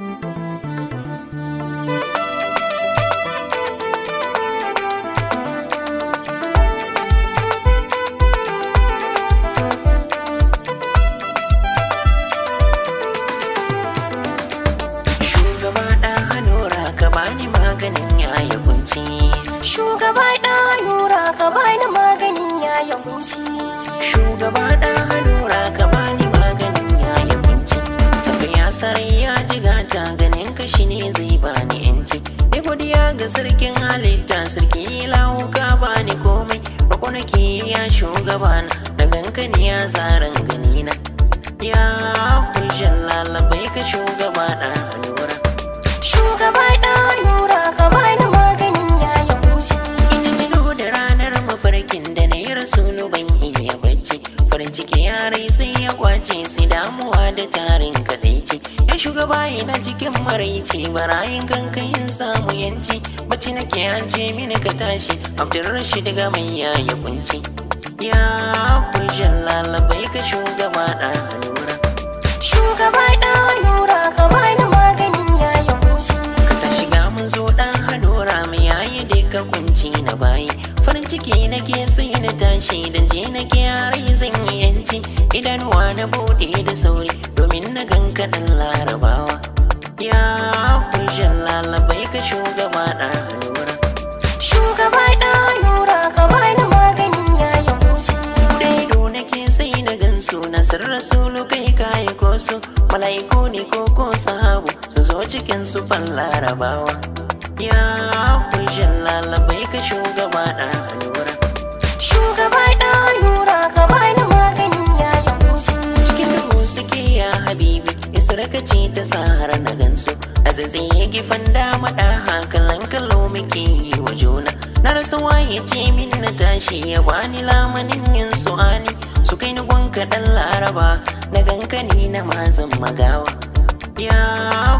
Shugaba ɗan hanora ka bani maganin yayi sarkin halitta sarki lawo ka bani komai bakunaki ya shugabana da gankani ya tsarin ganina ya kulshen lalabai ka shugaba ɗan hannura shugaba ɗan hannura ka bani maganin yi wuce ina mino da ranar mafarkin da na yi rasu ban iya bacci farin ciki yarai sai ya kwace sai damuwa da ta shugaba na jikin maraice barayin yin samu yanci bacci nake hance mini ka tashi abdulrashid daga mai yaya kunci ya hujjar lalabai ka shugaba da nura shugaba da nura ka bani maganin yi kunci ka tashi ga mun zo da mai yaya da ka kunci na bayi farin ciki nake sai na tashi dan je nake yare zan yi. ci idan na bude da sauri domin na ganka dan larabawa ya hujjar lalabai ka shugaba da nura shugaba da lura ka bani maganin Dai wuce daido ke sai na gansu na sun rasulu kai kayi ko su mala'iku ne ko ko sahabu su zo cikin su fan larabawa ya hujjar lalabai ka shugaba da nura shugaba tarkace ta sahara na gansu a ya gifan dama da hankalan kalo muke yi wa juna na rasa waye ce min na tashi ya bani lamanin yin su ani su kai ni gunka ɗan laraba na ganka ni na mazan magawa ya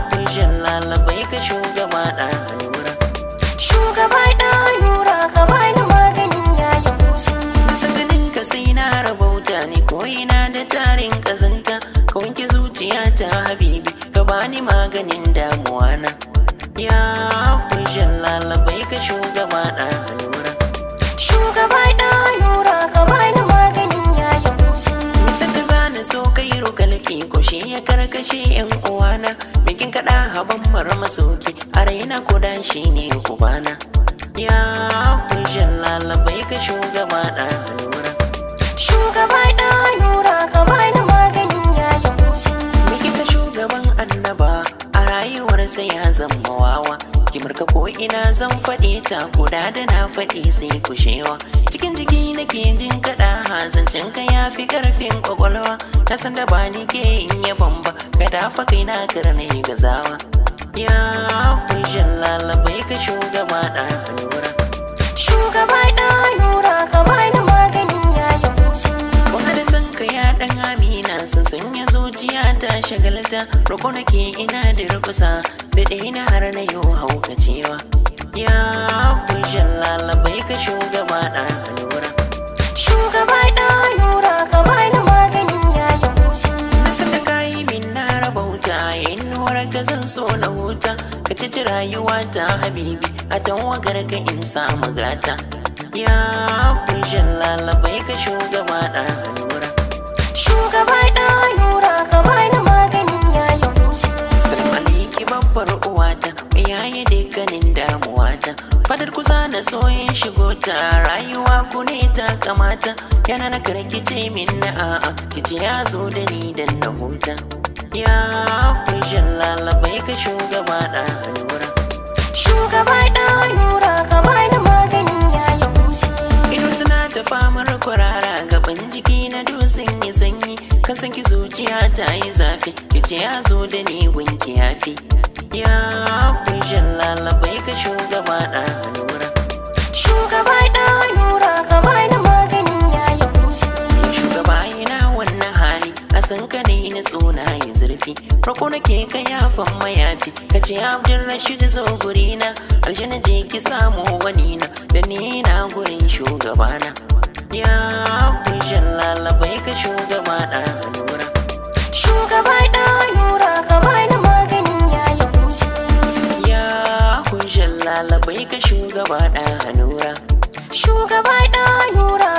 hujjan lalabai ka shugaba da hannu bani maganin damuwa na ya hujjan lalabai ka shugaba na hannura shugaba na hannura ka bani maganin yayin wuce nisa ka zana so ka yi rokalki ko shi ya karkashe yan uwana bikin kaɗa haban mara masoki a raina ko dan shi ne kubana ya hujjan lalabai kimurka ko ina zan faɗi ta da na faɗi sai ku kushewa cikin jiki nake jin kaɗa hazancin ka ya fi ƙarfin kwakwalwa na san da ba ni ke in ya bamba ka dafa kai na karni gazawa ya kujin lalabai ka shugaba ɗan nura shugaba ɗan nura ka bai shagalta na ke ina da rukusa bide na har na yi hauka cewa ya kunshin lalabai ka shugaba da halura shugaba da halura ka bani maganin yayin huci na sanda kayi min na rabauta yin horar ka zan so na huta ka ci rayuwa ta habibi a tawagar ka in samu gata ya kunshin lalabai ka shugaba da halura shugaba kamata rayuwa ku ne ta kamata yana na kare kice min na a'a kice ya zo da ni dan na huta ya kunshin bai ka shugaba da shugaba da hannura ka na magani ya yi huce ido suna ta famar ga gaban jiki na dusin ya sanyi ka gizociya zuciya ta yi zafi kice ya zo da ni wanki yafi ya mayafi na ke ka yafan mayafi ka ce abdin rashid zo na aljanna je ki samu wani na da ni na gurin shugabana ya abdul labai ka shugaba na nura shugaba da nura ka bani maganin ya yi ya abdul labai ka shugaba da nura shugaba da nura